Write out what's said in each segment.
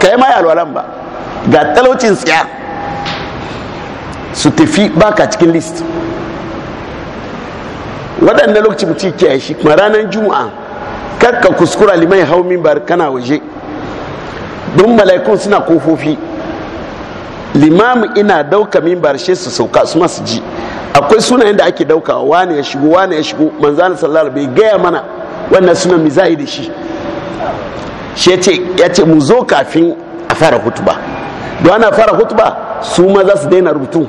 baka yi ma alwalan ba ga talaucin tsiya su tafi baka cikin list waɗanda lokaci mutum kiyaye shi kuma ranar juma'a kakka kuskura limai hau mimbar kana waje don mala'ikun suna kofofi limamu ina dauka mimbar shi su sauka su masu ji akwai sunayen da ake dauka wani ya shigo wani ya shigo manzana sallallahu bai gaya mana wannan sunan mi da shi shi ya ce mu zo kafin a fara hutuba don ana fara hutuba su ma za su daina rubutu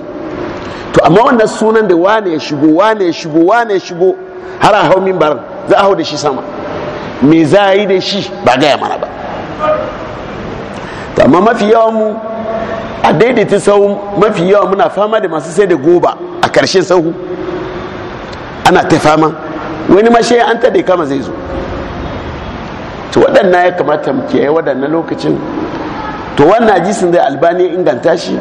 to amma wannan sunan da wane ya shigo wane ya shigo wane ya shigo har a hau mimbar za a hau da shi sama me za a yi da shi ba gaya mana ba to amma mafi yawan mu a daidaita sahu mafi yawa muna fama da masu sai da goba a karshen sahu ana ta fama wani mashe an ta da kama zai zo to waɗannan ya kamata mu kiyaye waɗannan lokacin to wannan hadisin zai albani inganta shi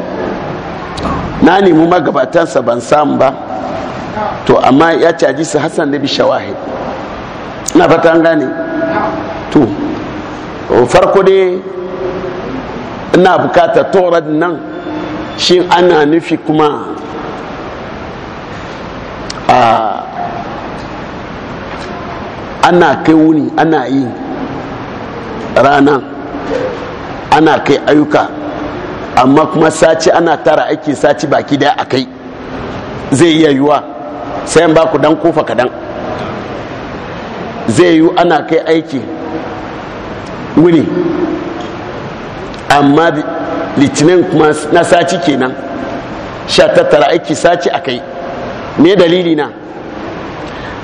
na nemi magabatansa ban samu ba to amma ya ci hadisi hassan da bi shawahid na fata an gane to farko dai ina bukata torad nan shi ana nufi kuma a ana kai wuni ana yi rana ana kai ayyuka amma kuma saci ana tara aiki saci baki daya a kai zai iya yiwa sai ba ku dan kofa kadan zai yiwu ana kai aiki wuni amma litinin kuma na saci kenan sha tattara aiki saci a kai me dalili na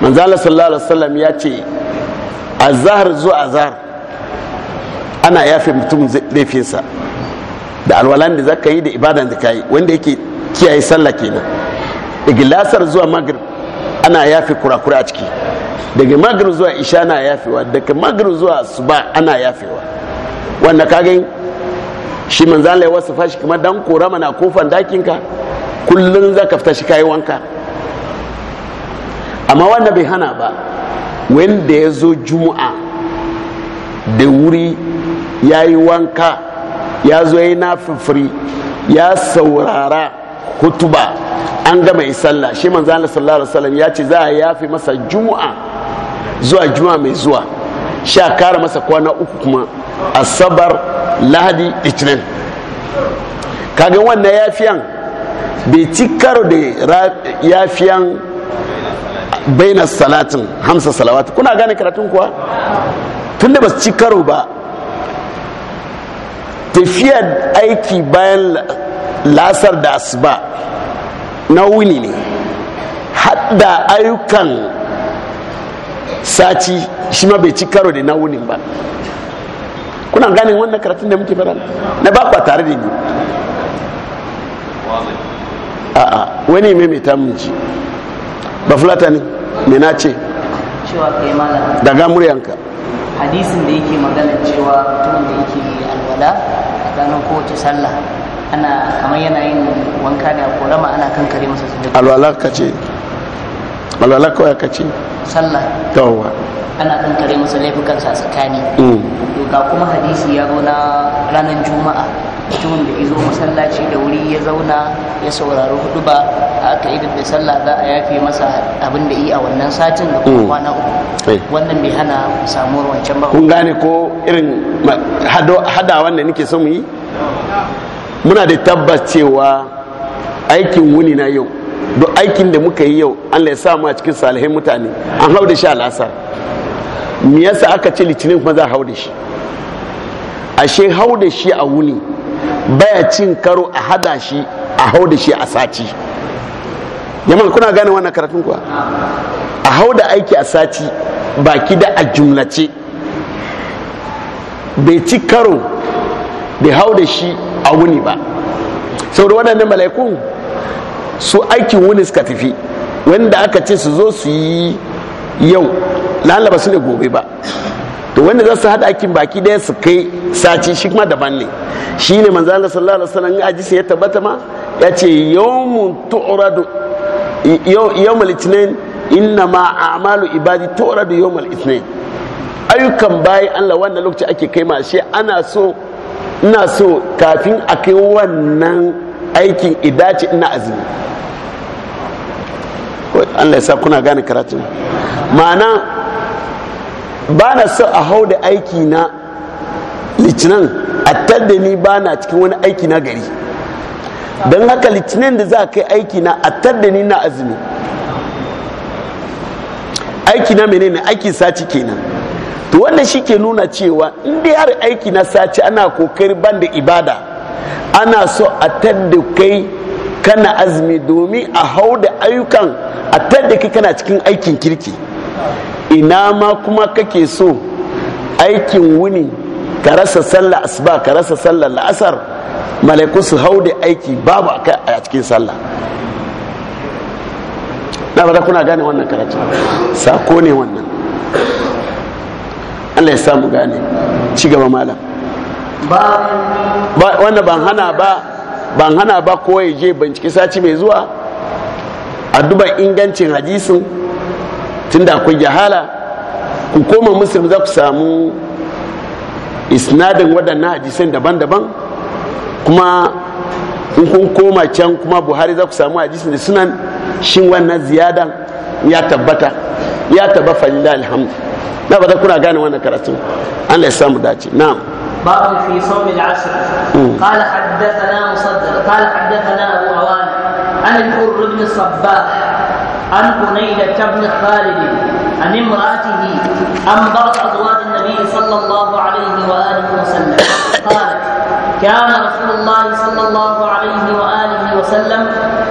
manzala sallallahu alaihi wasallam ya ce azhar zuwa azhar ana yafe mutum laifinsa da alwalan da zaka yi da ibadan da kai wanda yake kiyaye sallah kenan daga lasar zuwa magrib ana yafe kurakura a ciki daga magrib zuwa isha ana yafewa daga magrib zuwa suba ana yafewa wanda ka gani shi manzo Allah ya wasafa shi kamar dan mana na kofan dakinka kullun zaka fita shi kai wanka amma wanda bai hana ba wanda ya zo juma'a da wuri ya yi wanka ya zo ya yi ya saurara hutuba an gama yi sallah shi manzo Allah sallallahu alaihi wasallam ya ce za a yafi masa juma'a zuwa juma'a mai zuwa sha kara masa kwana uku kuma asabar lahadi itinan kaga wannan yafiyan bai ci karo da yafiyan bainar salatin hamsa salawat kuna gane karatun kuwa tunda ba su ci karo ba tafiya aiki bayan lasar da asuba na wuni ne hadda ayyukan sati shi ma bai ci karo da na wunin ba kuna ganin wannan karatun da muke fara na ba kwa tare da ni a wani mai mai tamunci ba fulata ne mai na ce cewa kai malam daga muryanka hadisin da yake magana cewa mutum da yake alwala tsakanin kowace sallah ana kamar yanayin yin wanka da korama ana kankare masa zunubi alwalar ka ce alwalar kawai ka ce sallah yawwa ana kankare masa laifukansa a tsakani mm. ga kuma hadisi ya zo na ranar juma'a mutumin da izo masallaci da wuri ya zauna ya saurari hudu ba aka idan da sallah za a yafe masa abin da yi a wannan satin da kuma mm. kwana uku wannan bai hana samuwar wancan ba kun gane ko irin hada wanda nake son yi muna da tabbas cewa aikin wuni na yau duk aikin da muka yi yau an ya sa a cikin salihin mutane an hau da shi al'asar me yasa aka ce litinin kuma za a hau da shi ashe hau da shi a wuni baya cin karo a hada shi a hau da shi a sati yamma kuna gane wannan karatun kuwa a hau da aiki a sati baki da a jumlace bai ci karo da hau da shi a wuni ba saboda waɗannan mala'ikun su aikin wuni suka tafi wanda aka ce su zo su yi yau lalaba su ne gobe ba to wanda za su hada akin baki daya su kai saci shi kuma daban ne shi ne manzo Allah sallallahu alaihi wasallam ji sai ya tabbata ma ya ce yawmun tu'radu yawmul itinin inna ma a'malu ibadi tu'radu yawmul itinin ayyukan bayi Allah wannan lokaci ake kai ma shi ana so ina so kafin a kai wannan aikin idace ina azumi Allah ya sa kuna gane karatu ma'ana ba na so a hau da aiki na litinin a tadda ni ba na cikin wani aiki na gari don haka litinin da za kai aiki na a tadda ni na azumi aiki na menene aiki saci kenan to wanda shi ke nuna cewa inda yari aiki na saci ana kokari ban da ibada ana so a tadda kai kana azumi domin a hau da ayyukan a tadda kai kana cikin aikin kirki ina ma kuma kake so aikin wuni ka rasa sallah asuba ka rasa sallah la'asar malaiku su hau da aiki babu a cikin sallah na ba kuna gane wannan karatu sako ne wannan allah ya samu gane ci gaba malam ba wannan ban hana ba ban hana ba ko ya je bincike sati mai zuwa a duba ingancin hadisin tunda akwai jahala ku koma muslim za ku samu isnadin waɗannan hadisai daban-daban kuma in kun koma can kuma buhari za ku samu hadisai da sunan shin wannan ziyadan ya tabbata ya taba da alhamdu na ba kuna gane wannan karatun An lai samu dace na باب في صوم العشر قال حدثنا مصدق قال حدثنا ابو عوان عن الحر بن الصباح عن بنيدة بن خالد عن امرأته عن بعض أزواج النبي صلى الله عليه وآله وسلم قالت كان رسول الله صلى الله عليه وآله وسلم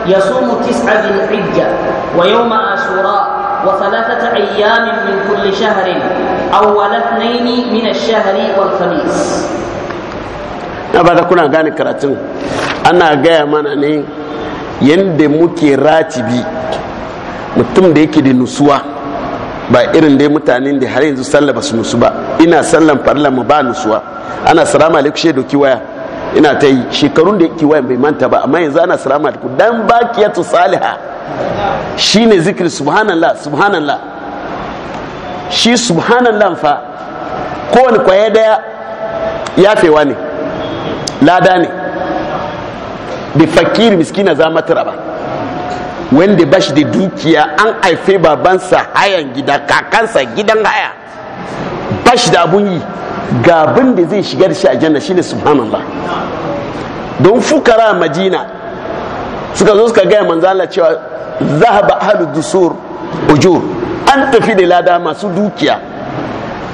يصوم تسعة ذي الحجة ويوم عاشوراء وثلاثة أيام من كل شهر أول اثنين من الشهر والخميس abada kuna قاني karatun أنا قايا mana ne yanda muke ratibi mutum da yake da nusuwa ba irin dai mutanen da har yanzu sallah ba su nusu ba ina sallan farla mu ba nusuwa ana salama alaikum shedo kiwaya ina ta yi shekarun da yake wayan bai manta ba amma yanzu ana salama alaikum dan baqiyatu saliha shine zikri subhanallah subhanallah shi subhanallah fa kowane kwaye daya yafewa ne lada ne bi fakir miskina za matura ba wanda ba shi da dukiya an haife babansa hayan gida kakansa gidan haya ba shi da abun yi ga abin da zai shigar shi a janna shine subhanallah don fukara majina madina suka zo suka gaya manzala cewa zahaba ahlu dusur ujur an tafi da lada masu dukiya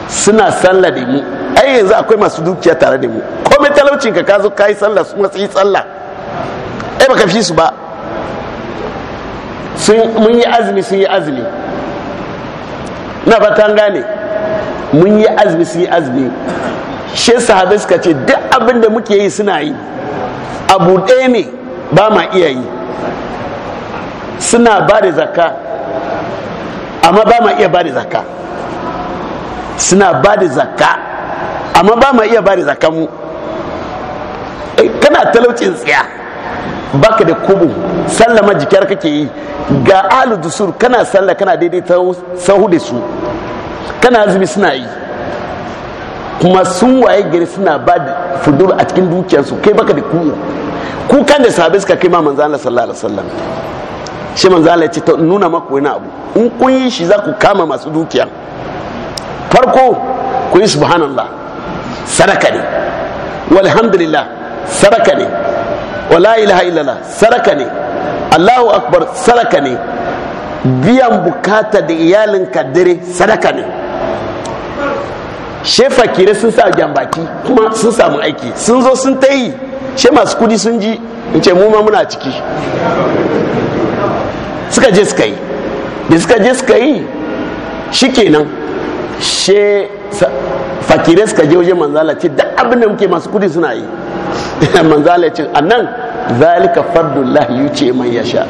suna sallah da mu ai yanzu akwai masu dukiya tare da mu komai talaucin ka ka zo yi sallah su masu yi sallah ai baka fi su ba mun yi azumi sun yi azumi na fatan gane mun yi azumi sun yi azumi shi sahabai suka ce duk abin da muke yi suna yi abu ɗaya ne ba ma iya yi suna ba da zakka amma ba ma iya ba da zakka suna ba da zakka amma ba ma iya ba da zakka mu eh, kana talaucin tsiya baka da kubu sallah jikar kake yi ga alu dusur kana sallah kana daidai ta sahu da su kana azumi suna yi kuma sun waye gari suna ba da fudur a cikin dukiyarsu kai baka da kubu kukan da sabis ka kai ma manzo Allah sallallahu alaihi wasallam shi manzo ya ce ta nuna maku wani abu in kun yi shi za ku kama masu dukiya farko ku yi subhanallah sadaka ne walhamdulillah sadaka ne wala ilaha illallah sadaka ne allahu akbar sadaka ne biyan bukata da iyalin kadire sadaka ne she fakire sun sa jambaki kuma sun samu aiki sun zo sun ta yi she masu kudi sun ji in ce mu ma muna ciki suka je suka yi da suka je suka yi shikenan she fakire suka je wajen manzala ce da abin da muke masu kudi suna yi manzalacin a nan zalika fardullah ce man yasha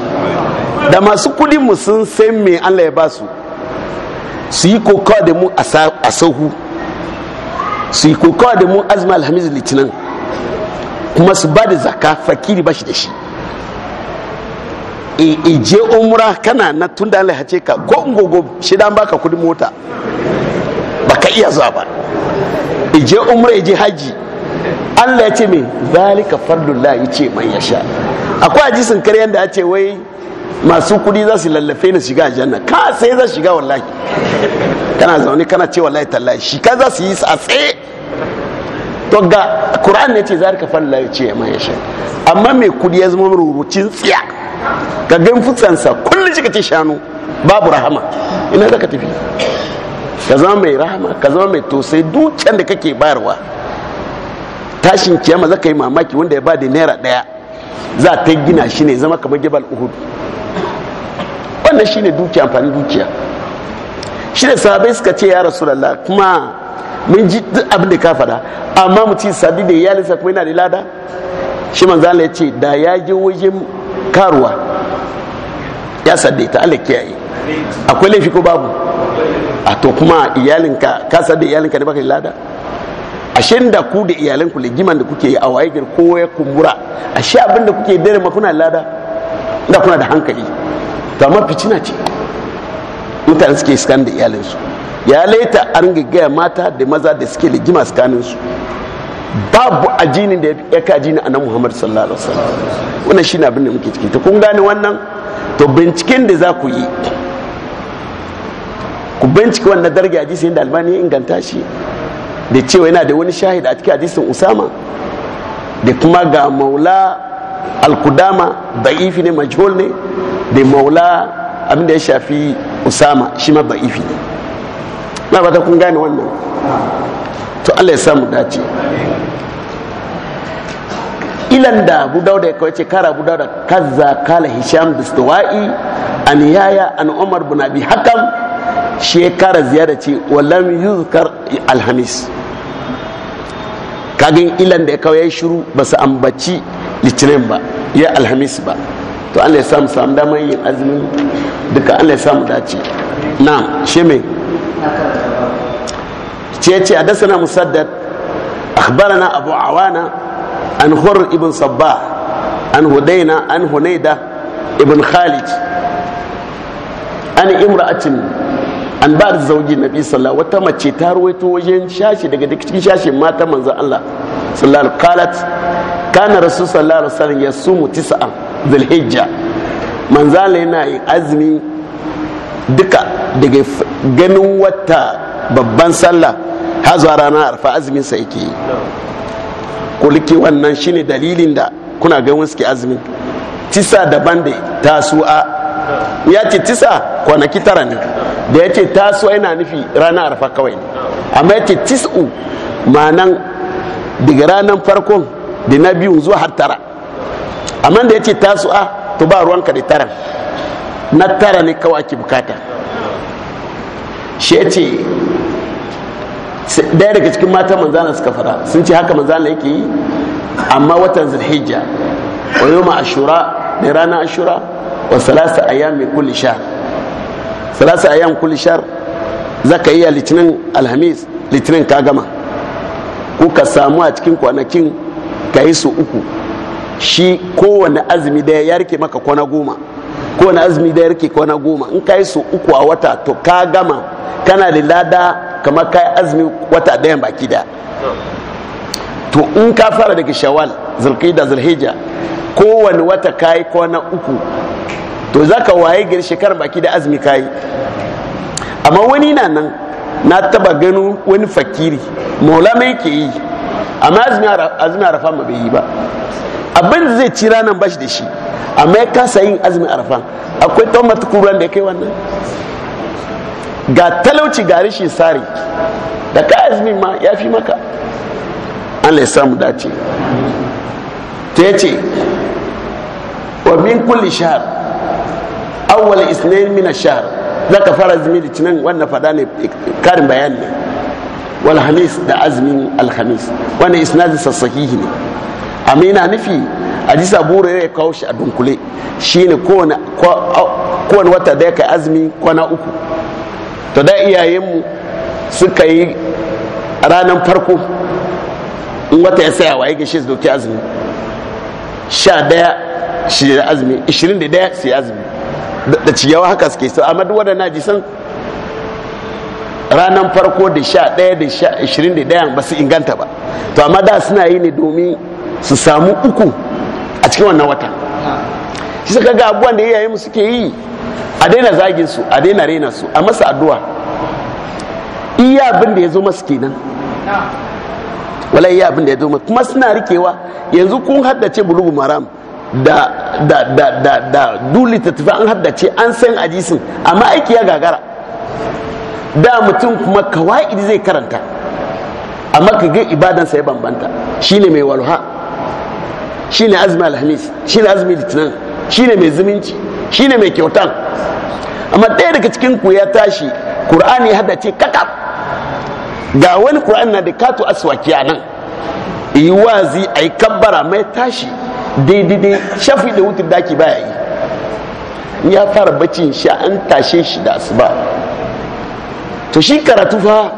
da masu kudi mu sun san me Allah ya ba su su yi koko da mu a sahu su yi koko da mu azma alhamis litinin kuma su ba da zaka fakiri ba shi da shi ije e, e umra kana na tun da Allah ya ce ka ko ungogo shi ba baka kudin mota baka iya zuwa ba ije e umra ije haji Allah ya ce me zalika fardullah ya ce man yasha akwai hadisin karyar da a ce wai masu kudi za su lallafe ni shiga janna ka sai za shiga wallahi kana zaune kana ce wallahi tallahi shi ka za su yi a tsaye to ga qur'an ne ce zalika fardullah ya ce man yasha amma mai kudi ya zama rurucin tsiya ka gan futsansa kullum shi ka ce shanu babu rahama ina za ka tafi ka zama mai rahama ka zama mai tosai dukkan da kake bayarwa tashin kiyama zaka yi mamaki wanda ya ba da naira daya za ta gina shi ne zama kamar gibal uhud wannan shi ne dukiya amfani dukiya shi ne sahabai suka ce ya rasulallah kuma mun ji abin da ka faɗa amma mu ci sabi da iyalinsa kuma yana da lada shi manzo Allah ya ce da ya je wajen karuwa ya saddaita Allah kiyaye akwai laifi ko babu a to kuma iyalinka ka sadda iyalinka ne baka lada ashe da ku da iyalanku ligiman da kuke yi a waye gir kowa ya kumbura ashe abin da kuke dare ma kuna lada da kuna da hankali to amma na ce mutane suke scan da su ya laita an gaggaya mata da maza da suke ligima scanin su babu ajini da ya ka ajini annabi Muhammad sallallahu alaihi wasallam wannan shine abin da muke ciki to kun gane wannan to binciken da za ku yi ku bincike wannan dargaji sai da albani ya inganta shi da cewa yana da wani shahid a cikin hadisin usama da kuma ga maula alkudama ba'ifi ne majhul ne da maula abin da ya shafi usama shi ma ba'ifi ne na ba ta kun gane wannan to allah ya samu dace ilan da abu da ya kawace kara abu da kaza kala hisham bistawa'i an yaya an umar bin abi hakam shekara ziyara ce walam yuzkar alhamis kagin ilan da ya kawo ya shiru ba su ambaci litinin ba ya alhamis ba to allah ya samu samu damar yin azumin duka allah ya samu dace na shi mai ce ce a dasana musaddad akhbarana abu awana an hur ibn sabba an hudaina an hunaida ibn khalid an imra'atin an ba da zauji bi sallah, wata mace ta ruwaito wajen shashi daga cikin shashin mata manzan Allah sallallahu alaihi qalat kana rasul sallallahu alaihi wasallam yasumu tis'an dhulhijja manzon manzan yana yin azumi duka daga ganin wata babban sallah ha zuwa rana arfa azumin sa yake yi kulki wannan shine dalilin da kuna ganin suke azumin tisa daban da tasu'a ya ce tisa kwanaki tara ne da ya ce taso yana nufi ranar arfa kawai amma ya ce tis'u ma'anan daga ranar farkon da na biyu zuwa har tara amma da ya ce taso a ah, to ba ruwanka da tara na tara ne kawai ake bukata shi ya ce daya daga cikin mata manzana suka fara sun ce haka manzana yake yi amma watan zulhijja wa yau ma ashura da ranar ashura wa salasa ayyamin kulli shahr salasa ayyam kulli shar zaka iya litinin alhamis litinin ka gama ko ka samu a cikin kwanakin ka yi su uku shi kowane azumi daya ya rike maka kwana goma kowane azumi daya rike kwana goma in ka yi su uku a wata to ka gama kana da lada kamar ka yi azumi wata daya baki da to in ka fara daga shawal zulqida zulhijja kowane wata ka yi kwana uku to za ka waye gari shekarar baki da azumi kayi amma wani na nan na taba gano wani fakiri maula mai ke yi amma azumi arafa ma bai yi ba abin da zai ci ranar bashi da shi amma ya kasa yin azumi arafa akwai tomata kuruwan da ya kai wannan ga talauci ga rashin tsari da ka azumi ma ya fi maka allah ya samu dace ta ya ce wa min kulli shahar awwal isnain min ash-shahr zaka fara da cinan wannan fada ne karin bayani ne wal hamis da azmin al khamis wannan isnad sahihi ne amina nufi hadisi abu ya kawo shi a dunkule shine kowane kowane wata da kai azumi kwana uku to da iyayenmu suka yi ranar farko in wata ya saya waye gashi su dauki azumi sha daya shi da azumi ishirin da daya su yi azumi da ciyawa haka suke so amma duk ji san ranar farko da sha ɗaya da sha ashirin da ɗaya ba su inganta ba to amma da suna yi ne domin su samu uku a cikin wannan wata shi suka ga abubuwan da mu suke yi a daina zagin su a daina rena su a masa addu'a iya abin da ya zo masu kenan wala iya abin da ya zo masu kuma suna rikewa yanzu kun haddace bulugu maram da da da da duk littattafai an haddace an san ajisin amma aiki ya gagara da mutum kuma kawai zai karanta amma ka ga ibadansa ya bambanta shine mai walha shine azumi alhamis shine azumi litinin shine mai zumunci shine mai kyautan amma ɗaya daga cikin ku ya tashi ya haddace kakaf ga wani qur'ani na da katu aswaki nan yi wazi a yi kabbara mai tashi daidai shafi da wutar daki baya yi ya fara bacin sha an tashe shi da asuba to shi karatu fa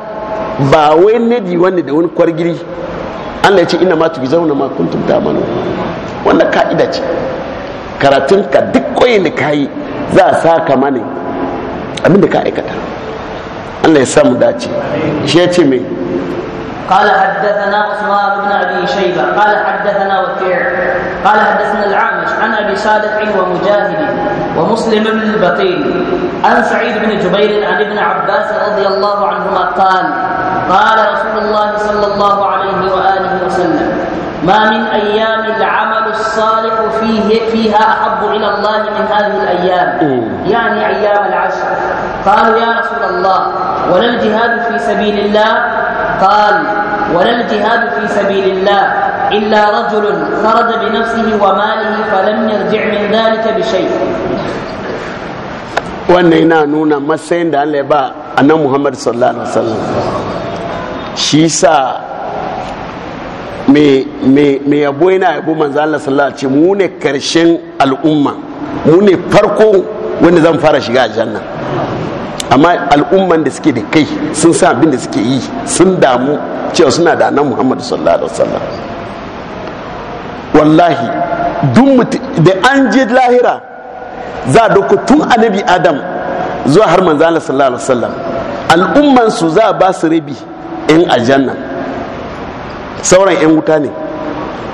ba wai nadi wanda da wani kwargiri Allah ya ce ina matu tuki zauna ma kuntum ta manu wannan ka'ida ce karatun ka duk koyin da ka yi za a saka mani abin da ka aikata Allah ya samu dace shi ya ce mai قال حدثنا عثمان بن ابي شيبه قال حدثنا وكيع قال حدثنا العامش عن ابي صالح ومجاهد ومسلم بن البطين عن سعيد بن جبير عن ابن عباس رضي الله عنهما قال قال رسول الله صلى الله عليه واله وسلم ما من ايام العمل الصالح فيه فيها احب الى الله من هذه الايام يعني ايام العشر قالوا يا رسول الله ولا الجهاد في سبيل الله قال ولا الجهاد في سبيل الله إلا رجل خرج بنفسه وماله فلم يرجع من ذلك بشيء wannan yana nuna matsayin da Allah ya ba annan Muhammad sallallahu alaihi wasallam shi sa me yabo yana yabo manzo Allah sallallahu alaihi mu ne karshen al'umma mu ne farko wanda zan fara shiga janna amma al'umman da suke da kai sun sa abin da suke yi sun damu cewa suna da nan muhammadu sallallahu alaihi wasallam wallahi duk da an je lahira za a dauko tun annabi adam zuwa har manzo Allah sallallahu alaihi wasallam al'umman su za a ba su rabi in aljanna sauran yan wuta ne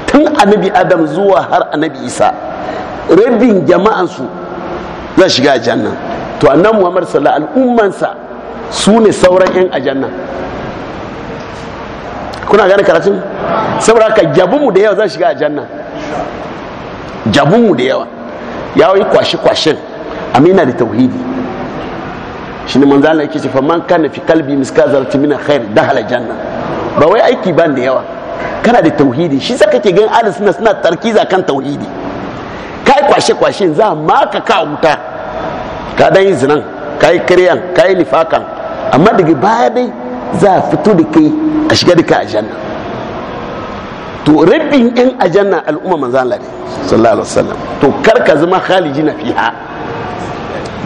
tun annabi adam zuwa har annabi isa rabin jama'an su za shiga aljanna to annan muhammad sallallahu al'ummansa su ne sauran 'yan ajanna kuna gane karatun saboda ka jabinmu da yawa za shiga ajanna jabinmu da yawa yi kwashe-kwashen amina da tauhidi shi ne manzana yake ce man kana fi kalbi miska zarti mina khair dahala janna ba wai aiki ban da yawa kana da tauhidi shi saka ke gan alis suna suna tarkiza kan tauhidi kai kwashe-kwashe za ma ka ka wuta ka dan yi zinan ka yi kiryan ka yi nifakan amma daga baya dai za a fito da kai a shiga da kai janna to rabin yan ajanna al'umma manzan Allah sallallahu alaihi wasallam to kar ka zama na fiha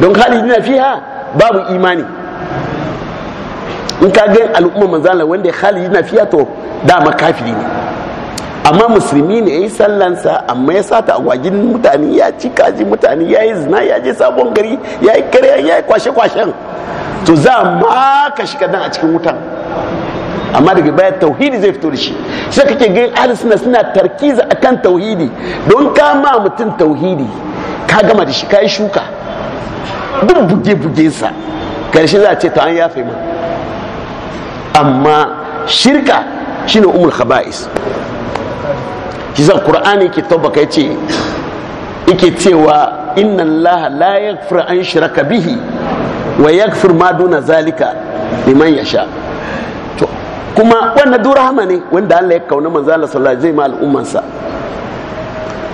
don na fiha babu imani in ka ga al'umma manzan Allah wanda na fiha to dama kafiri ne amma musulmi ne ya yi sallansa amma ya sata agwagin mutane ya ci kaji mutane ya yi zina ya je sabon gari ya yi kare ya yi kwashe-kwashen to za ma ka shiga dan a cikin wutan amma daga baya tauhidi zai fito da shi sai kake gani ahli suna suna tarkiza akan tauhidi don kama mutum tauhidi ka gama da shi ka yi shuka duk buge bugensa sa karshe za a ce ta an yafe ma amma shirka shine umul khaba'is shi zan qur'ani ke tabbaka ce ike cewa inna allaha la fura an shiraka bihi wa fura ma duna zalika liman yasha sha kuma wannan dora Hama ne wanda Allah ya kauna manzo Allah sallallahu zai ma al'ummansa.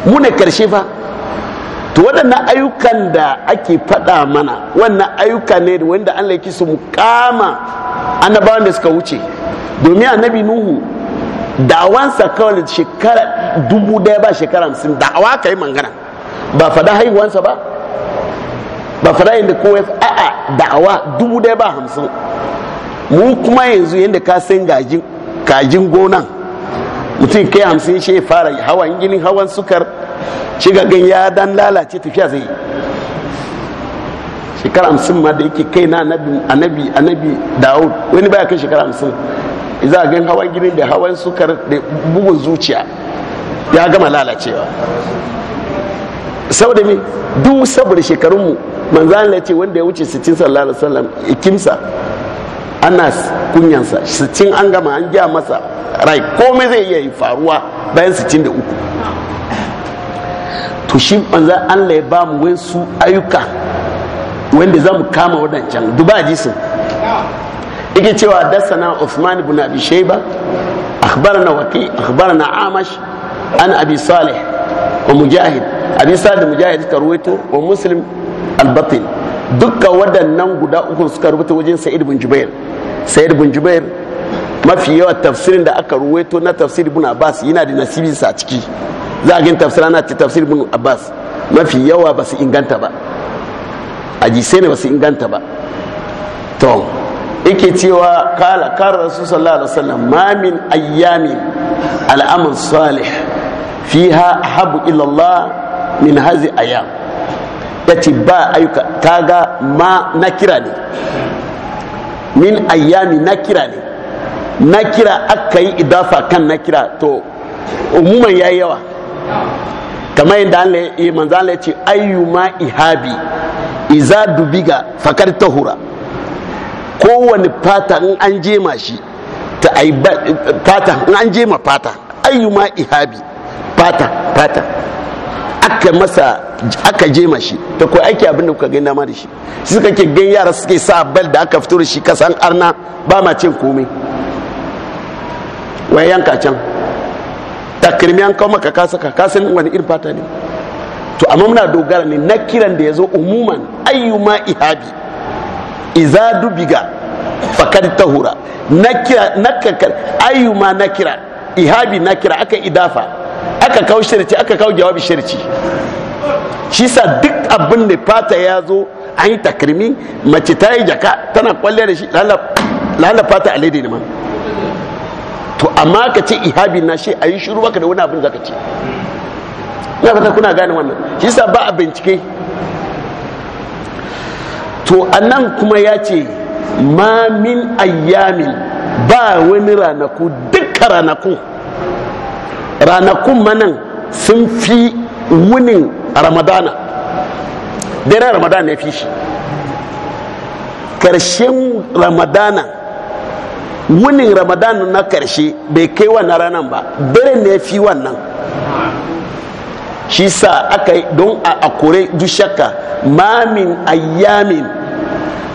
sa ne karshe fa to waɗannan ayyukan da ake faɗa mana wannan ayyuka ne wanda Allah ya kisa mu kama annabawan da suka wuce domin annabi nuhu dawansa kawai shekara dubu daya ba shekara hamsin da'awa ka yi mangana ba fada haihuwansa ba ba fada yadda kowa a'a da'awa dubu daya ba hamsin mu kuma yanzu yadda ka san kajin gonan mutum kai hamsin shi ya fara hawan gini hawan sukar gan ya dan lalace tafiya zai yi shekara hamsin ma da yake kai na anabi anabi dawud wani baya kai shekara hamsin za a gan hawan gini da hawan sukar da bugun zuciya ya gama lalacewa saboda mi duk saboda shekarunmu manzan ya ce wanda ya wuce 60 sallallahu alaihi ikimsa ana kunyansa 60 an gama an gya masa rai komai zai iya faruwa bayan da to shi manzan Allah ya ba mu wasu ayyuka wanda za mu kama wadancan duba su yake cewa dasana Uthman ibn Abi Shayba akhbarana Waqi akhbarana Amash an Abi Salih wa Mujahid Abi Salih da Mujahid ka ruwaito wa Muslim al-Batin dukkan wadannan guda uku suka rubuta wajen Sa'id bin Jubair Sa'id bin Jubair mafi yawa tafsirin da aka ruwaito na tafsir ibn Abbas yana da nasibin sa ciki za a gani tafsira na tafsir ibn Abbas mafi yawa ba su inganta ba a jisai ne ba su inganta ba to yake cewa kala kara rasu sallallahu alaihi wasallam ma min ayyamin al'amal salih fiha ahabu Allah min hazi ayyam yace ba ayyuka kaga ma na kira ne min ayyami na kira ne na kira aka yi idafa kan na kira to umuman ya yawa kamar yadda Allah ya eh, manzo Allah ya ce ayyuma ihabi iza dubiga fakar tahura kowane fata in an jema shi ta ai fata in an ma fata ayyuma ihabi fata fata aka masa aka jema shi ta ko aiki abin da kuka gani ma da shi suka ke gan yara suke sa bal da aka fito da shi kasan arna ba ma cin komai wai yanka can takrimi an kawo maka kasa ka kasan wani irin fata ne to amma muna dogara ne na kiran da ya zo umuman ayyuma ihabi iza dubiga fakar tahura nakira nakakar ayyuma nakira ihabi nakira aka idafa aka kawo shirci aka kawo jawabi shirci shi sa duk abin da fata ya zo an yi takrimi mace ta yi jaka tana kwalle da shi lalata fata a laidai neman to amma ka ce ihabi na shi a yi shuru baka da wani abin zaka ce na kuna gane wannan shi sa ba a bincike to anan kuma ya ce ma min ayyamin ba wani ranaku duka ranaku ranakun manan sun fi wunin ramadana dare ramadana ya fi shi karshen ramadana wunin ramadana na karshe bai kai wannan ranan ba dare ne ya fi wannan shi sa aka yi don a kore duk shakka mamin ayyamin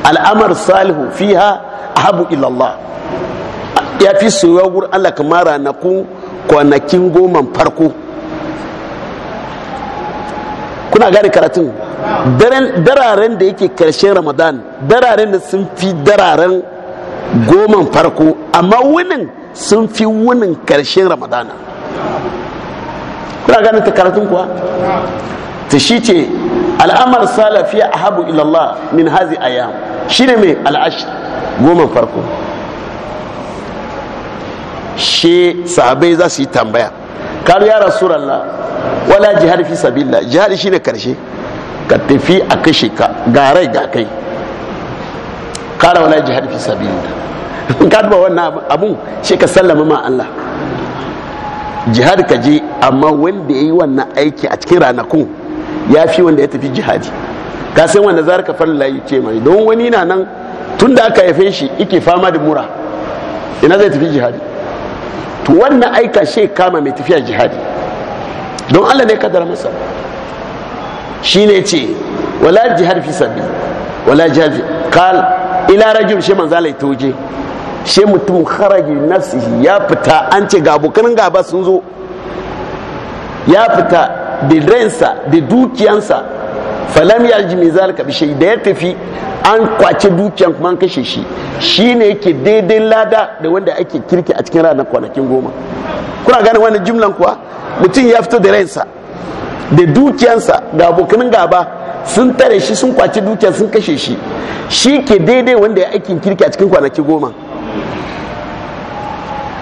al'amar salihu fiha habu ilallah ya fi soyuwa wurin Allah kamar ranaku kwanakin goman farko kuna gane karatun dararen da yake karshen ramadan dararen da sun fi dararen goman farko amma wunin sun fi wunin karshen ramadana kuna gane ta karatun kuwa ta shi ce al'amar salafiya ahabu ilallah min hazi ayyam shine mai Al'ash goma farko she sahabai za su yi tambaya kalu ya rasulallah wala jihar fi sabila jihar shi ne karshe ka tafi a kashe ka ga ga kai kara wala jihar fi sabila ka duba wannan abu? shi ka sallama ma Allah jihar ka je amma wanda ya yi wannan aiki a cikin ranakun ya fi wanda ya tafi jihadi ka san wanda zar ka farla yi ce mai don wani na nan tun da aka haife shi ike fama da mura ina zai tafi jihadi to wannan aika she kama mai tafiya jihadi don Allah ne kadar masa shi ne ce wala jihar fi sabi wala jihar kal ila rajul shi manzo Allah toje shi mutum kharaji nafsihi ya fita an ce ga abokan gaba sun zo ya fita da rensa da dukiyansa falam ya ji zalika bishai da ya tafi an kwace dukiyan kuma an kashe shi shine yake daidai lada da wanda ake kirki a cikin ranar kwanakin goma kuna gane wannan jumlan kuwa mutum ya fito da rainsa da dukiyansa da abokanin gaba sun tare shi sun kwace dukiya sun kashe shi shi ke daidai wanda ya aikin kirki a cikin kwanaki goma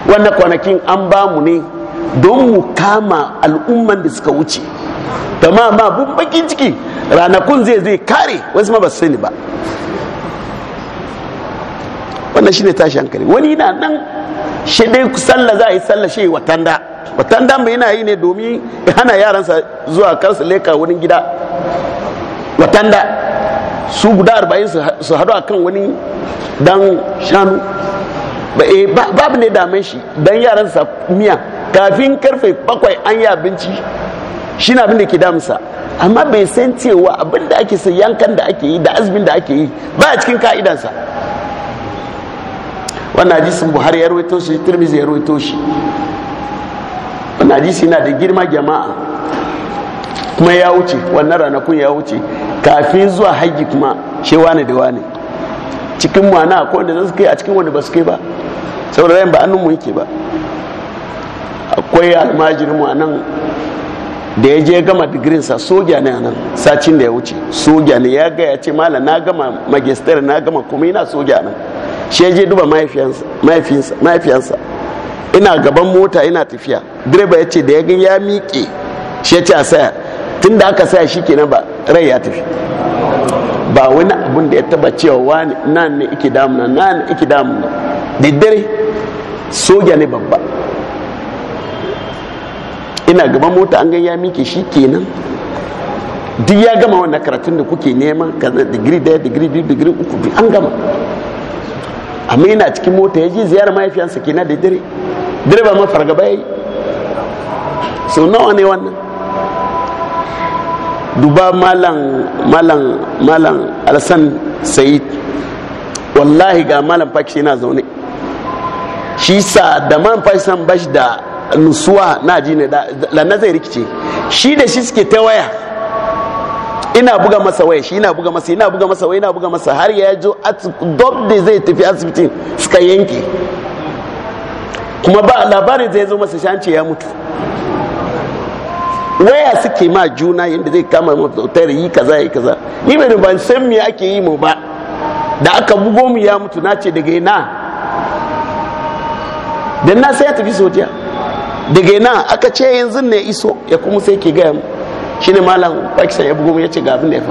wannan kwanakin an ba mu ne don mu kama al'umman da suka wuce ma ba bun bakin ciki ranakun zai zai kare wasu ma ba su sani ba wannan shine tashi hankali wani na nan shi dai sallah za a yi sallah shi watanda watanda mai yana yi ne domin hana yaransa zuwa kansu leka wurin gida watanda su guda arba'in su haɗu a kan wani dan shanu eh, babu ne damen shi dan yaransa miya kafin karfe bakwai an yi abinci shi na abin da ke damsa amma bai san cewa abin da ake sai yankan da ake yi da azumin da ake yi ba a cikin ka'idansa wannan hadisin buhari ya rawaito shi tirmizi ya rawaito shi wannan hadisi yana da girma jama'a kuma ya wuce wannan ranakun ya wuce kafin zuwa haji kuma shi wane da wane cikin mana ko wanda wanda su kai a cikin wanda ba su kai ba saboda rayan ba annun mu yake ba akwai almajirin mu nan da ya je gama digirin sa soja ne nan sacin da ya wuce soja ne ya ga ya ce mala na gama magister na gama kuma ina soja nan shi je duba mahaifiyansa ina gaban mota ina tafiya direba ya ce da ya ga ya miƙe shi ya ce a saya tun da aka saya shi kenan ba rai ya tafi ba wani abun da ya taba cewa wani nan ne iki damuna nan ne iki damuna da dare soja ne babba ina gaba mota an gan ya mike shi kenan duk ya gama wannan karatun da kuke nema kaza digiri daya digiri biyu digiri uku biyu an gama amma yana cikin mota ya je ziyarar mahaifiyansa kenan da dire ba ma fargaba ya yi sau nawa ne wannan duba malam malam malam alasan sayid wallahi ga malam fakishi na zaune shi sa da man fakishi san bashi da nusuwa na da na zai rikice shi da shi suke ta waya ina buga masa waya shi ina buga masa ina buga masa waya ina buga masa har ya jo dob da zai tafi asibitin suka yanke kuma ba labarin zai zo masa shan ya mutu waya suke ma juna yadda zai kama mutar yi kaza yi kaza ni bai ban san me ake yi mu ba da aka bugo mu ya mutu na ce daga ina dan na sai ya tafi sojiya daga nan aka ce yanzu ne iso ya kuma sai ke gaya shi ne malam pakistan ya bugu ya ce ga abin da ya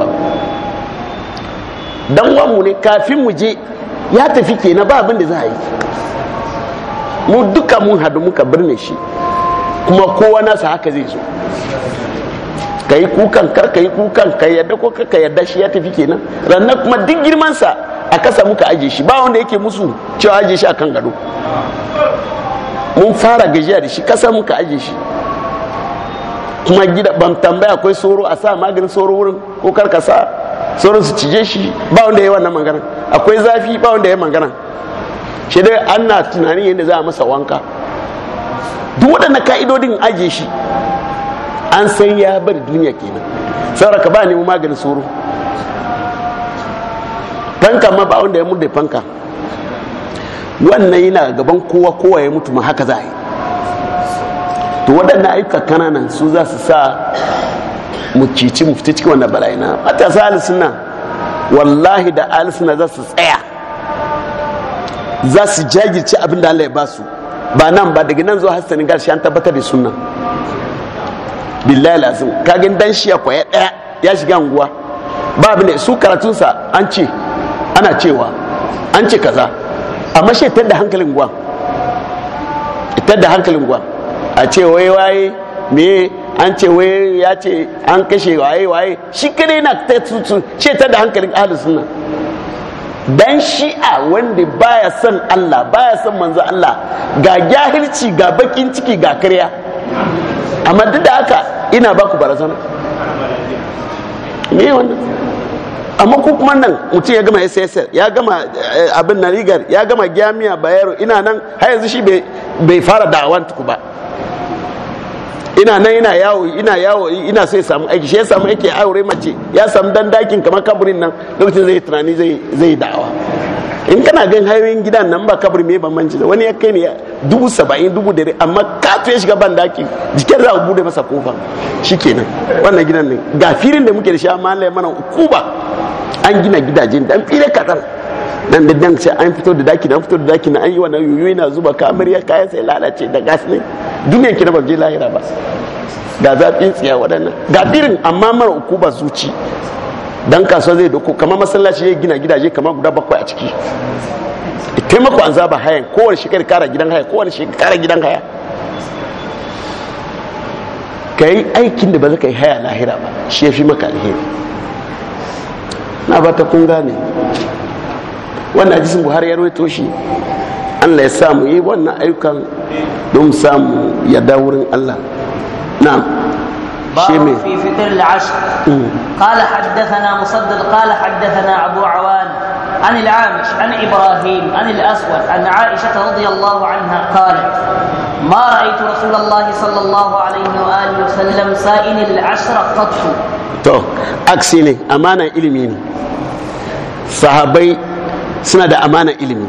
wanmu ne kafin mu je ya tafi ke na ba abin da za a yi mu duka mun hadu muka birne shi kuma kowa nasa haka zai zo ka yi kukan kar ka yi kukan ka yadda ko ka yadda shi ya tafi ke kenan rannan kuma duk girmansa a kasa muka aje shi ba wanda yake musu cewa aje shi a akan gado mun fara gajiya da shi kasa muka aje shi kuma gida ban tambaya akwai soro a sa maganin soro wurin ko kar ka sa soro su cije shi ba wanda yayi wannan magana akwai zafi ba wanda yayi magana shi dai an na tunanin yadda za a masa wanka duk waɗannan ka'idodin aje shi an san ya bar duniya kenan saboda ka ba nemi maganin soro fanka ma ba wanda ya da fanka wannan yana gaban kowa kowa ya mutu ma haka za a yi to waɗannan ayyuka kananan su za su sa mu cici mu fita cikin wannan bala'i matasa alisuna wallahi da alisuna za su tsaya za su jagirce abin da Allah ya ba su ba nan ba daga nan zuwa hasanin gashi an tabbatar da suna billahi lazim kagin dan shi ya daya ya shiga anguwa ba abin da su karatunsa an ce ana cewa an ce kaza amma shi tadda hankalin gwa tadda hankalin gwa a ce waye waye me an ce waye ya ce an kashe waye waye shi kare na ta tutu shi tadda hankalin ahlus sunna dan shi'a wanda baya son Allah baya son manzo Allah ga jahilci ga bakin ciki ga kariya amma duk da haka ina baku barazana me wannan amma ko kuma nan mutum ya gama SSL ya gama eh, abin na rigar ya gama gyamiya bayero ina nan har yanzu shi bai fara da'awan tuku ba ina nan ina yawo ina yawo ina sai samu aiki shi ya samu aiki aure mace ya samu dan dakin kamar kaburin nan lokacin zai tunani zai zai da'awa in kana gan hayoyin gidan nan ba kabri mai bambanci da wani ya kai ne dubu saba'in dubu dare amma ka ya shiga ban daki jikin za a bude masa kofa kenan wannan gidan ne ga filin da muke da shi amma Allah ya mana ukuba an gina gidajen an fiye kadan nan da dan sai an fito da daki an fito da daki na an yi wannan yoyo yana zuba kamar ya kaya sai lalace da gas ne duniyar ki na ban je lahira ba ga zafin tsiya waɗannan ga birin amma mara uku ba zuci dan kasuwa zai doko kamar masallaci ya gina gidaje kamar guda bakwai a ciki taimako an zaba hayan kowane shekara kara gidan haya kowane shekara kara gidan haya ka yi aikin da ba za ka yi haya lahira ba shi ya fi maka alheri na ba ta kun gane wannan hadisin buhari ya rawaito shi Allah ya samu yi wannan ayyukan don samu yadda wurin Allah na'am باب في فطر العشر قال حدثنا مسدد قال حدثنا أبو عوان عن العامش عن إبراهيم عن الأسود عن عائشة رضي الله عنها قالت ما رأيت رسول الله صلى الله عليه وآله وسلم سائل العشر قط to aksi ne amana ilimi ne sahabai suna da amana ilimi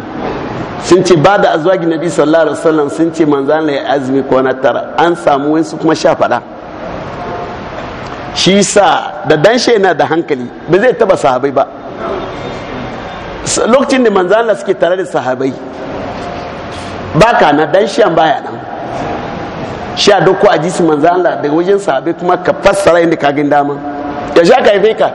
sun ce ba da azwagi nabi sallallahu alaihi wasallam sun ce manzan la azumi ko na tara an samu wasu kuma sha fada shi sa da dan yana da hankali ba zai taba sahabai ba lokacin da manzan suke tare da sahabai ba ka na dan shi an baya nan shi a doko a jisi manzan Allah daga wajen sahabi kuma ka fassara inda ka gin dama ya sha ka haife ka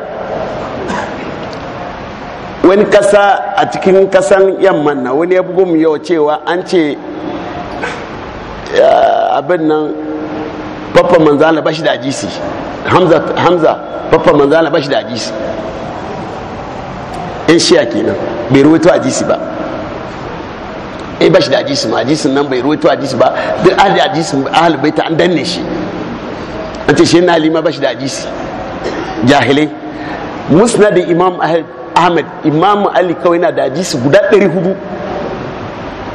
wani kasa a cikin kasan yamman na wani ya bugu mu yau cewa an ce abin nan papa manzan Allah ba shi da a hamza hamza papa manzan Allah ba shi da jisi in shiya kenan bai a jisi ba ai eh, ba shi da ma hadisin nan bai ruwaito hadisi ba duk ahli hadisin ahli baita an danne shi an ce shi na lima ba shi da hadisi jahilai musnadin imam ahmad imam ali kawai na da hadisi guda 400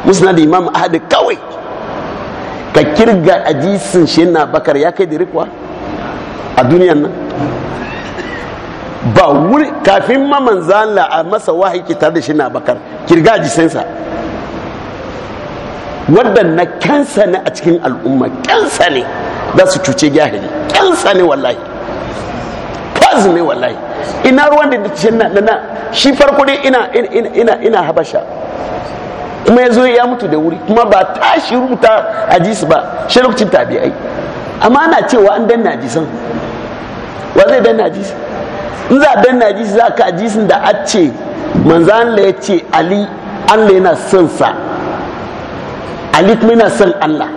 musnadin imam ahmad kawai ka kirga hadisin shi na bakar ya kai diri kuwa a duniyan nan ba wuri kafin ma manzala a masa wahayi tare da shi na bakar kirga hadisinsa waɗanda kyansa ne a cikin al'umma kyansa ne za su cuce jahili kyansa ne wallahi faz ne wallahi ina ruwan da ce na na shi farko dai ina ina ina habasha kuma yazo ya mutu da wuri kuma ba tashi rubuta hadisi ba shi lokacin tabi'ai amma ana cewa an danna hadisan wa zai danna hadisi in za a danna hadisi za ka hadisin da a ce manzan la ya ce ali Allah yana son sa ali kuma yana son Allah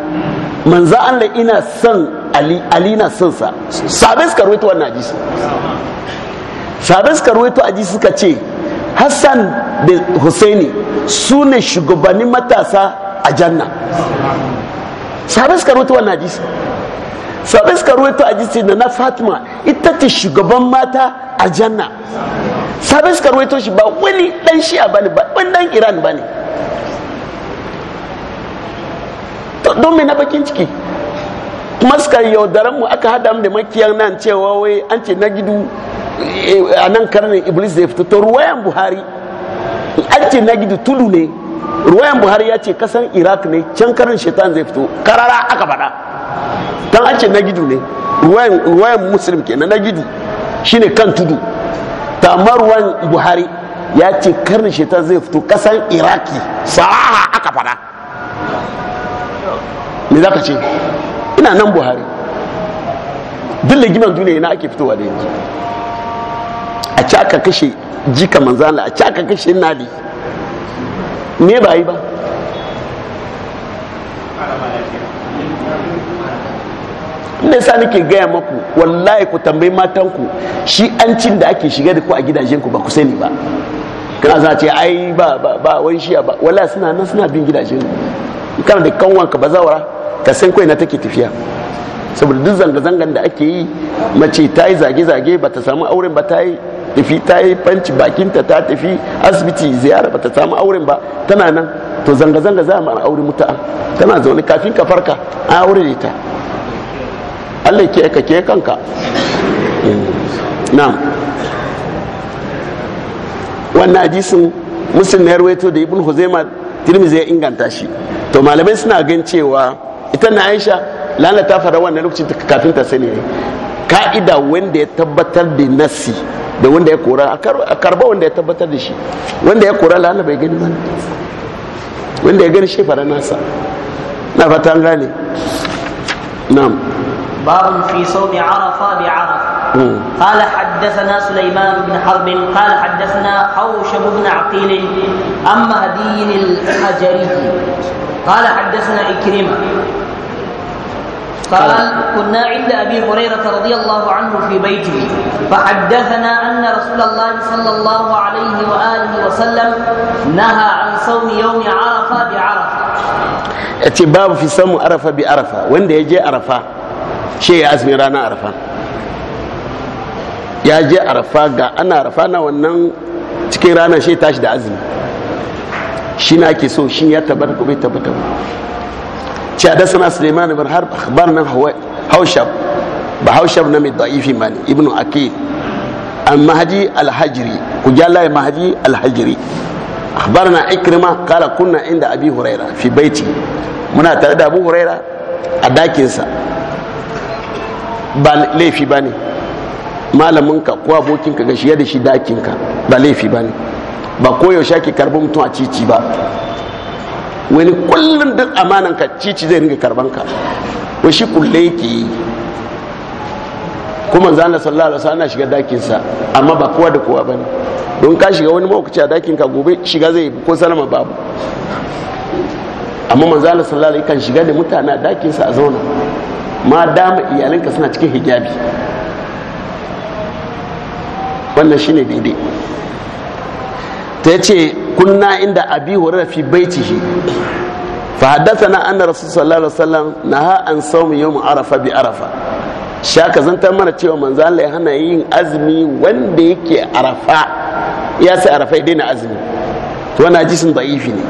manzo Allah ina son ali ali na son sa sabai suka ruwaito wannan hadisi sabai suka rawaito hadisi suka ce Hassan da Husaini su ne shugabannin matasa a janna sabai suka ruwaito wannan hadisi sabai suka rawaito hadisi da na Fatima ita ce shugaban mata a janna sabai suka ruwaito shi ba wani dan shi'a bane ba wani dan Iran bane don me na bakin ciki kuma suka yaudaran mu aka hada da makiyar nan cewa wai an ce na gidu eh, a nan karnin iblis zai fito to ruwayan buhari an ce na gidu tudu ne ruwayan buhari ya ce kasan iraq ne can karnin shaitan zai fito karara aka bada don an ce na gidu ne ruwayan muslim kenan na gidu shine kan tudu tamar ruwan buhari ya ce karnin shaitan zai fito kasan iraki sa'aha aka fada me za ka ce ina nan buhari duk legiman duniya ina ake fitowa da yanzu a ci aka kashe jika manzana a ci aka kashe nadi me ba yi ba inda sa nake gaya maku wallahi ku tambayi matanku shi an cin da ake shiga da ku a gidajenku ba ku sani ba kana za ce ai ba ba ba wani shiya ba wallahi suna nan suna bin gidajen kana da kanwanka bazawara ka san kai na take tafiya saboda duk zanga-zangan da ake yi mace ta yi zage-zage ba ta samu auren ba ta yi tafi ta yi fanci bakinta ta tafi asibiti ziyara ba ta samu auren ba tana nan to zanga-zanga za mu aure mutu'a tana zaune kafin ka farka an aure ne ta allah ke ka ke kanka na wannan hadisin muslim na da ibn huzaima tirmizi ya inganta shi to malamai suna gan cewa ita na aisha lalla ta fara wannan lokacin kafin ta sani ka'ida wanda ya tabbatar da nasi da wanda ya kora a karba wanda ya tabbatar da shi wanda ya kora lalla bai gani ba wanda ya gani shi fara nasa na fata an gane na'am باب bi صوم عرفة بعرفة قال حدثنا سليمان بن حرب قال حدثنا حوشب بن عقيل أم هدي الحجري قال حدثنا إكرمة قال كنا عند أبي هريرة رضي الله عنه في بيته فحدثنا أن رسول الله صلى الله عليه وآله وسلم نهى عن صوم يوم عرفة بعرفة ce babu fi arafa bi arafa wanda ya arafa shi ya azumi rana arafa ya arafa ga ana arafa cikin ranar shi tashi da azumi shi na ake shi ya tabbata ko bai tabbata ce hadathana Sulaiman ibn Harb nan haushab ba haushab na mai da'ifi mani ibnu Akil an Mahdi al alhajiri. ku jalla Mahdi al-Hajri na Ikrima kala kunna inda Abi Huraira fi baiti muna tare da Abu Huraira a dakinsa ba laifi bane malaminka ko abokinka ga shiga da shi dakinka ba laifi bane ba koyaushe ake karbi mutum a cici ba wani kullum duk amanan ka cici zai ringa karban ka wa shi kulle yake yi kuma zana sallallahu alaihi wasallam shiga dakinsa amma ba kowa da kowa ba ne. don ka shiga wani mawukaci a dakin ka gobe shiga zai ko salama babu amma manzana Allah sallallahu alaihi kan shiga da mutane a dakinsa a zauna ma dama iyalinka suna cikin hijabi wannan shine daidai ta ce kunna inda abi hurairah fi baitihi fa haddathana anna rasul sallallahu alaihi wasallam naha an sawmi yawm arafa bi arafa shaka zanta mana cewa manzo Allah ya hana yin azumi wanda yake arafa ya sai arafa ya na azumi to wannan hadisin da'ifi ne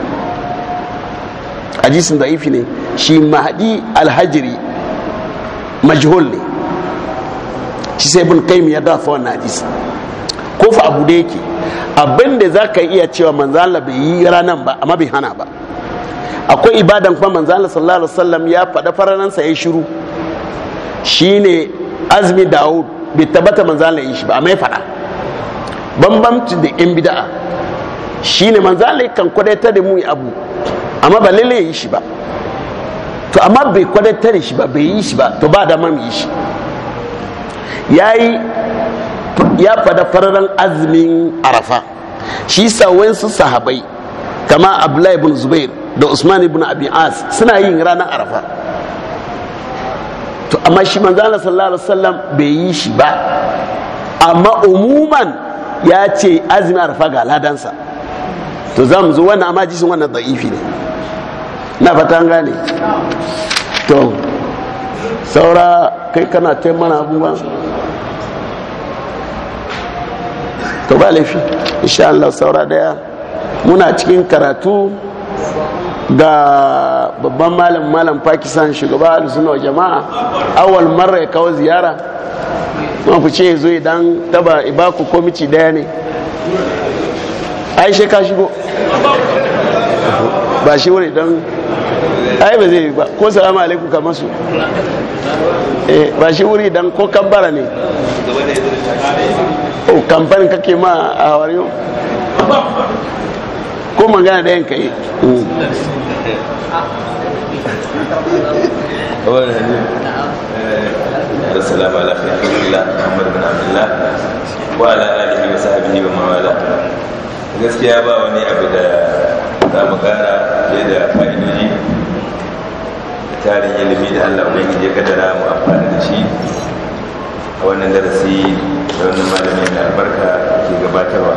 hadisin da'ifi ne shi mahdi alhajiri majhul ne shi sai ibn qayyim ya dafa wannan hadisi ko fa abu da yake abinda za ka iya cewa manzala bai yi ranar ba amma bai hana ba akwai ibadan kuma manzala sallallahu alaihi wasallam ya faɗa faranansa ya shiru shine azmi daud bai tabbata manzala yi shi ba amma ya faɗa bambamci da yan bida'a shine manzala kan kwadaita da mu abu amma ba lalle yi shi ba to amma bai kwadaita da shi ba bai yi shi ba to ba da mamu yi shi Ya yi. ya fada fararen azumin arafa shi sa wayansu sahabai kama abdullahi ibn zubair da usman ibn abi as suna yin ranar arafa to amma shi manzo Allah sallallahu alaihi wasallam bai yi shi ba amma umuman ya ce azumin arafa ga ladansa to za mu zo wannan amma jishin wannan da'ifi ne na fata an gane to saura kai kana taimana abubuwan to ba laifi insha Allah saura daya muna cikin karatu ga babban malam malam pakistan shugaba alusuna wa jama'a awal mara ya kawo ziyara ce zo idan taba ibaku komici daya ne aishe ka shigo ba shi wuri don ai ba zai ba ko salamu alaikum ka masu eh ba shi wuri dan ko kabbara ne o oh, kamfanin kake ma a wariyo ko magana da yanka yi السلام على خير محمد بن عبد الله وعلى اله وصحبه ومن والاه gaskiya ba wani abu da za mu kara fiye da fa'idoji tarin ilimi da allah ubangiji ya kaddara mu amfani da shi a wannan darasi da wannan malami da albarka ke gabatarwa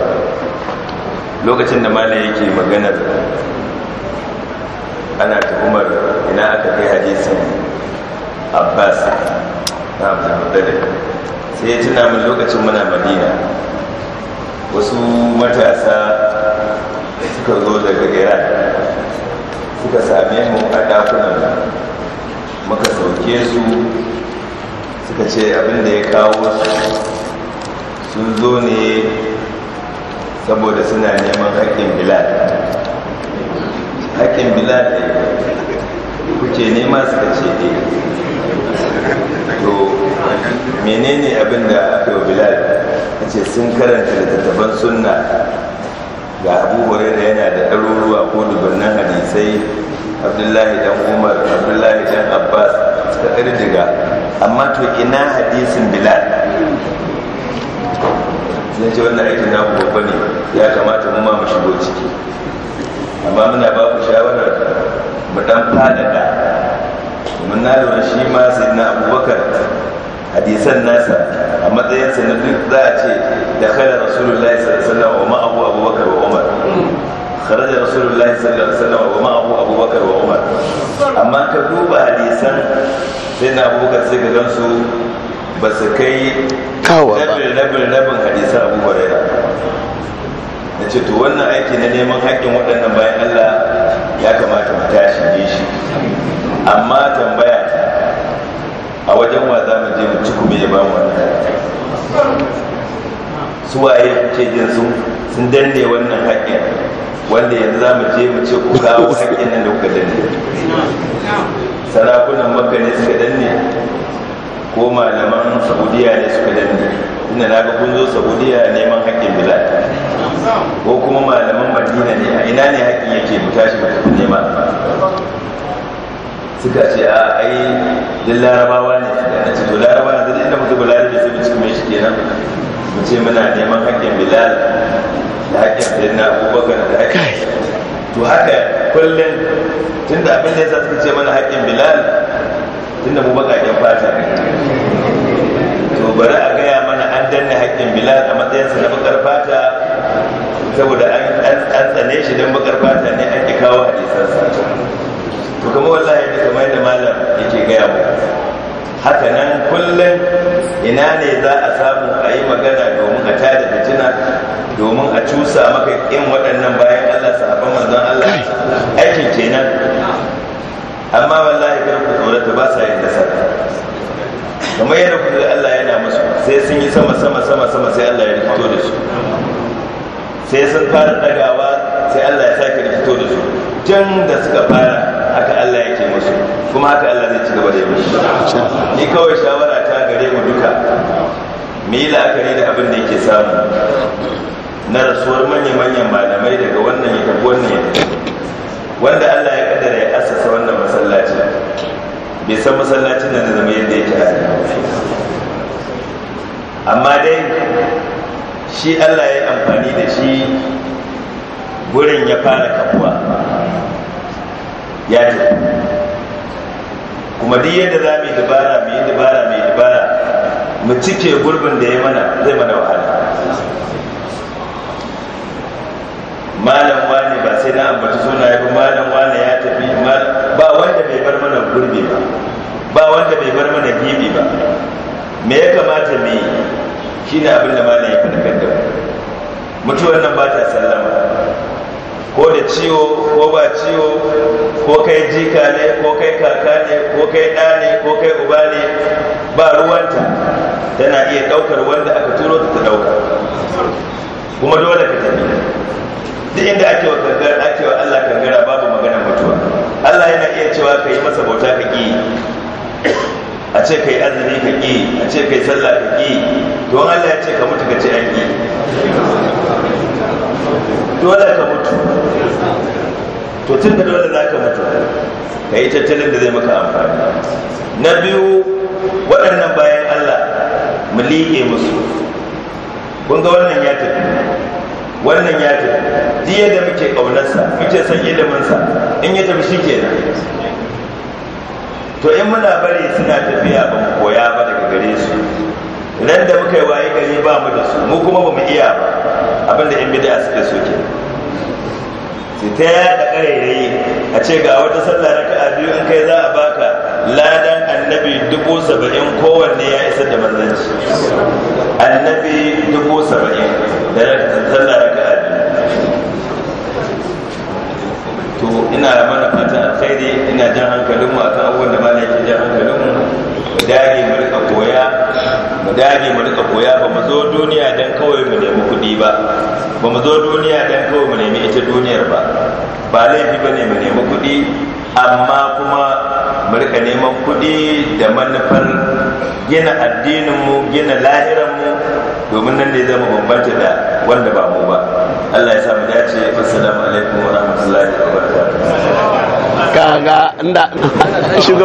lokacin da malam yake maganar ana umar ina aka kai hadisin abbas na abdulmutalib sai ya tuna min lokacin muna madina wasu matasa suka zo daga iran suka same mu a dakunan muka sauke su suka ce abin da ya kawo su sun zo ne saboda suna neman haƙƙin bilal haƙƙin bilal kuke nema suka ce ne eh. to menene abin da aka yi bilal a ce sun karanta tattaban sunna ga abu da yana da ɗaruruwa ko dubannin hadisai abdullahi dan umar abdullahi dan abbas suka ƙirjiga amma to ina hadisin bilal zai ce wannan aikin na babba ne ya kamata mu ma mu shigo ciki amma muna ba ku shawarar mu dan fadada domin na da shi ma sai abubakar hadisan nasa a matsayinsa na duk za a ce da kala rasulullahi sallallahu alaihi wa ma'abu abubakar wa umar خرج رسول الله صلى الله wa ma'abu abubakar wa Umar amma ka duba hadisan sai na abubakar sai ka gansu ba su kai kawa ba rabin rabin hadisan abu huraira da ce to wannan aiki na neman haƙƙin waɗannan bayan allah ya kamata mu tashi ne shi amma tambaya a wajen wa za mu je mu ci kuma ya ba mu wannan su waye ce jin sun sun danne wannan haƙƙin wanda yanzu za mu je mu ce ku kawo haƙƙin nan da kuka danne sarakunan makka ne suka danne ko malaman saudiya ne suka danne inda na ga kun zo saudiya neman haƙƙin bilal ko kuma malaman madina ne a ina ne haƙƙin yake mu tashi mu tafi neman? suka ce a ah, ai din larabawa ne da ce to larabawa ne da muka bulari da sai cikin shi kenan mu ce muna neman hakkin bilal da hakkin sayyidina abubakar da yi. to haka kullum tunda abin da yasa suka ce mana hakkin bilal tunda mu ya fata to bari a gaya mana an danne hakkin bilal a matsayinsa na bakar fata saboda an tsane shi don bakar fata ne ake kawo hadisansa to kuma wallahi da kamar da malam yake gaya mu haka nan kullum ina ne za a samu a yi magana domin a tada jina domin a cusa maka yin waɗannan bayan Allah sahabban manzon Allah aikin kenan amma wallahi kar ku tsorata ba sa yin nasara kamar yadda kuka Allah yana musu sai sun yi sama sama sama sama sai Allah ya rikito da su sai sun fara dagawa sai Allah ya sake rikito da su tun da suka fara haka Allah yake musu kuma haka Allah zai ci gaba da yi musu ni kawai shawara ta gare mu duka mu yi la'akari da abin da yake samu na rasuwar manya-manyan malamai daga wannan ya tafi wannan ya wanda Allah ya kaddara ya asasa wannan masallaci bai san masallacin da zama yadda yake a amma dai shi Allah ya amfani da shi gurin ya fara kafuwa ya ce kuma duk yadda za mu yi dabara mu yi dabara mu yi dabara mu cike gurbin da ya mana zai mana wahala malam wani ba sai na ambata suna ya fi malam wani ya tafi ba wanda bai bar mana gurbi ba ba wanda bai bar mana gibi ba me ya kamata mu yi ne abin da malam ya fi kan da mutuwar nan ba ta sallama ko da ciwo ko ba ciwo ko kai jika ne ko kai kaka ne ko kai ɗa ne ko kai uba ne ba ruwanta tana iya ɗaukar wanda aka turo ta ɗauka kuma dole ka tafi duk inda ake wa kangara ake wa Allah kangara babu magana mutuwa Allah yana iya cewa ka yi masa bauta ka ƙi a ce kai azumi ka ƙi a ce kai sallah ka ƙi don Allah ya ce ka mutu ka ce an ƙi dole ka mutu to tun da dole za ka mutu ka yi tattalin da zai maka amfani na biyu waɗannan bayan allah mu liƙe musu kun ga wannan ya tafi wannan ya tafi jiya da muke ƙaunarsa muke son iliminsa in ya tafi shi kenan to in muna bari suna tafiya ba mu koya ba daga gare su ran da muka yi waye gari ba mu da su mu kuma ba mu iya ba abinda in bida suke so kenan sai ta yaɗa ƙarairayi a ce ga wata sallah na a biyu in kai za a baka ladan annabi dubu saba'in kowanne ya isa da manzanci annabi dubu saba'in da ya sallah na a biyu to ina mana fata alkhairi ina jan hankalinmu akan abubuwan da na yake jan hankalinmu mu dage koya dage mu rika koya ba mu zo duniya dan kawai mu nemi kuɗi ba ba mu zo duniya dan kawai mu nemi ita duniyar ba ba laifi ba ne mu nemi kuɗi amma kuma mu rika neman kuɗi da manufar gina mu gina mu domin nan ne zama bambanta da wanda ba mu ba Allah ya mu dace assalamu alaikum wa rahmatullahi wa barakatuh kaga inda